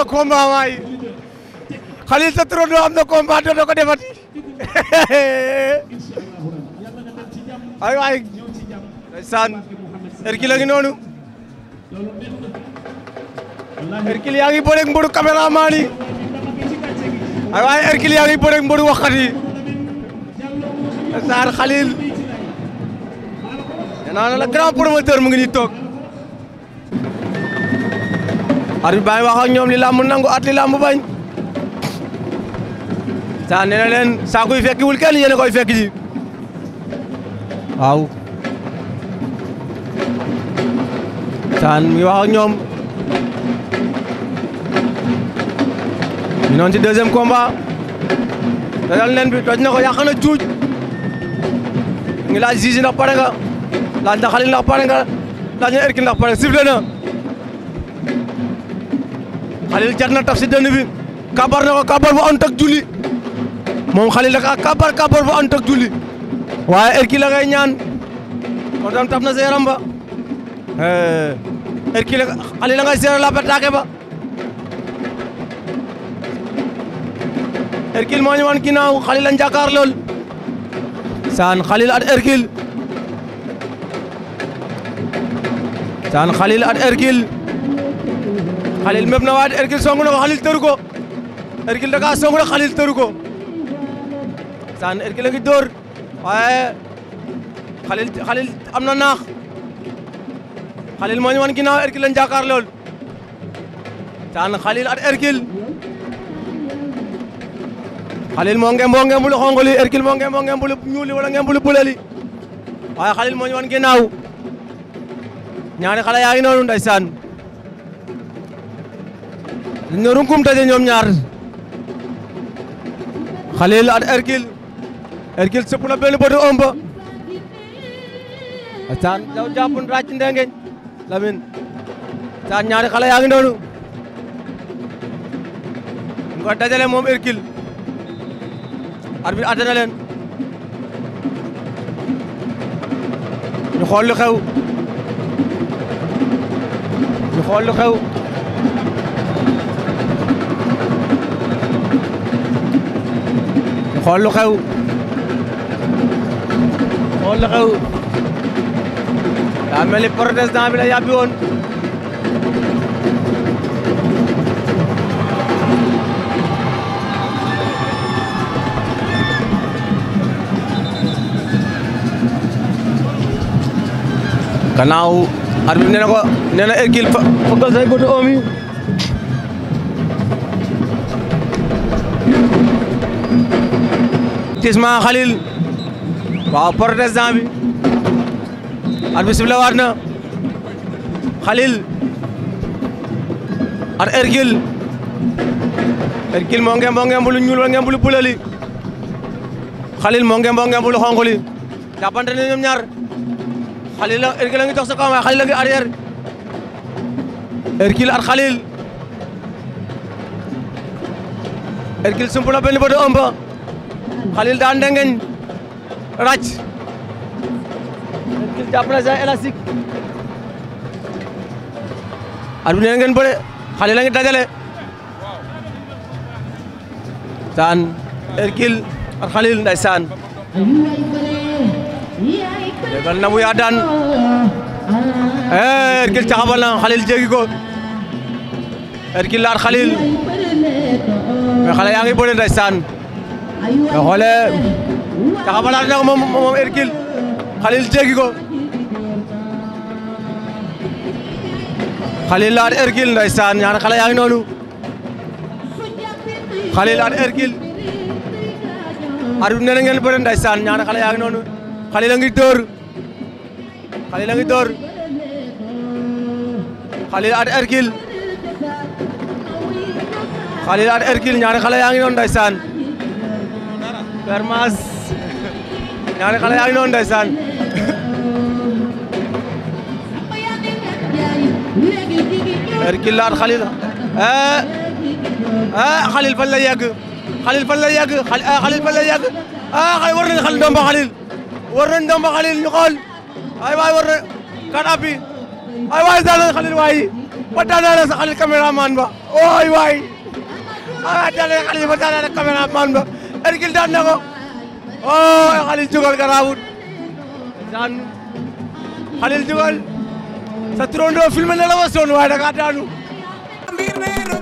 na combat waay Khalil sa turando am na ko defati ay waay ndeysaan Hercule a ngi noonu Hercule yaa ngi bëreeg mbëru caméraman yi ay waay Hercule yaa ngi bëreeg mbëru waxkat yi ndeysaan Khalil nee naa la grand promoteur mu ngi nii toog arbitre baa ngi wax ak li làmb nangu at li bañ saa nee leen saako yi fekkiwul kenn yéen a koy fekk ji waaw mi ngi wax ak ñoom ñu noon ci deuxième combat dajal nen bi toj na ko yàq na cuuj ngi laaj zizi ndax laaj na xalil ndax laaj na erki ndax pare xalil jar na taf si dënn bi kabar na ko kabar bu ànd ak julli moom xalil ak kabar kabar bu ànd ak julli waaye Hercule la ngay ñaan kon tam taf na sa ba eh, Hercule xalil la ngay la ba Hercule moo ñu wan ginnaaw xalil la njàkkaar lool saan xalil at Hercule saan xalil at Hercule Khalil méb na waaye Hercule song na ko Khalil tëru ko Hercule da kaa song na Khalil tëru saan Hercule a ngi waaye Khalil am na naax Khalil moo ñu wan ginnaaw Hercule lañ jàkkaar lool saan Khalil at Hercule Khalil moo ngeen boo ngeen bul xonq li Hercule moo ngeen boo ngeen bul waaye Khalil moo wan ginnaaw ñaari xale yaa ngi noonu ndeysaan ñu ne runkum daje ñoom ñaar Khalil ak Hercule Hercule sëpp na benn bëtu ëmb saan daw jàppun ràcc ndengeñ lamin saan ñaari xale yaa ngi noonu nga dajale moom Hercule arbitre atte na leen ñu xool lu xew ñu xool xool lu xew xool lu xew daa mel ni protestant bi la yàbbi woon gannaaw arbitre nee na ko avertissement Khalil waaw protestant bi at bi sifle waat na Khalil at Hercule ñuul ngeen bulu bulali Khalil moo ngeen moo ngeen bulu ñaar Khalil la Hercule la ngi toog sa kaw waaye Khalil la ngi arrière Hercule at Khalil daan ndengeñ ràcc kil jàpp na sa élastique ar bi nee ngeen bëre Khalil dajale saan Hercule ak Khalil saan dégal na bu yaa daan Hercule eh, caxabal na Khalil jéggi ko Hercule laat saan nga xoolee taxawalaat na ko moom moom Hercule Khalil jéggi ko Khalil laat Hercule ndeysaan ñaar xale yaa ngi noonu Khalil laat Hercule arbitre nee na ngeen bëre ndeysaan ñaar xale yaa ngi noonu Khalil a ngi dóor Khalil a ñaar xale yaa ngi noonu saan Père Mass ñaari xale yaa ngi Xalil Xalil eh, eh, fan la yegg Xalil fan la yegg ah Xalil fan la eh, yegg war nañu Xalil domba Xalil war nañu domba Xalil ñu ay waay war na kan appi ay waay daal na Xalil waay ba daan naa sa Xalil caméraman ba waay waay ay ah, waay daan na Xalil ba daan naa sa caméraman ba Hercule daan na ko oh Khalil jógal garaawut daan Khalil jógal sa turandoo filmé na la wasoon waaye da kaa daanu.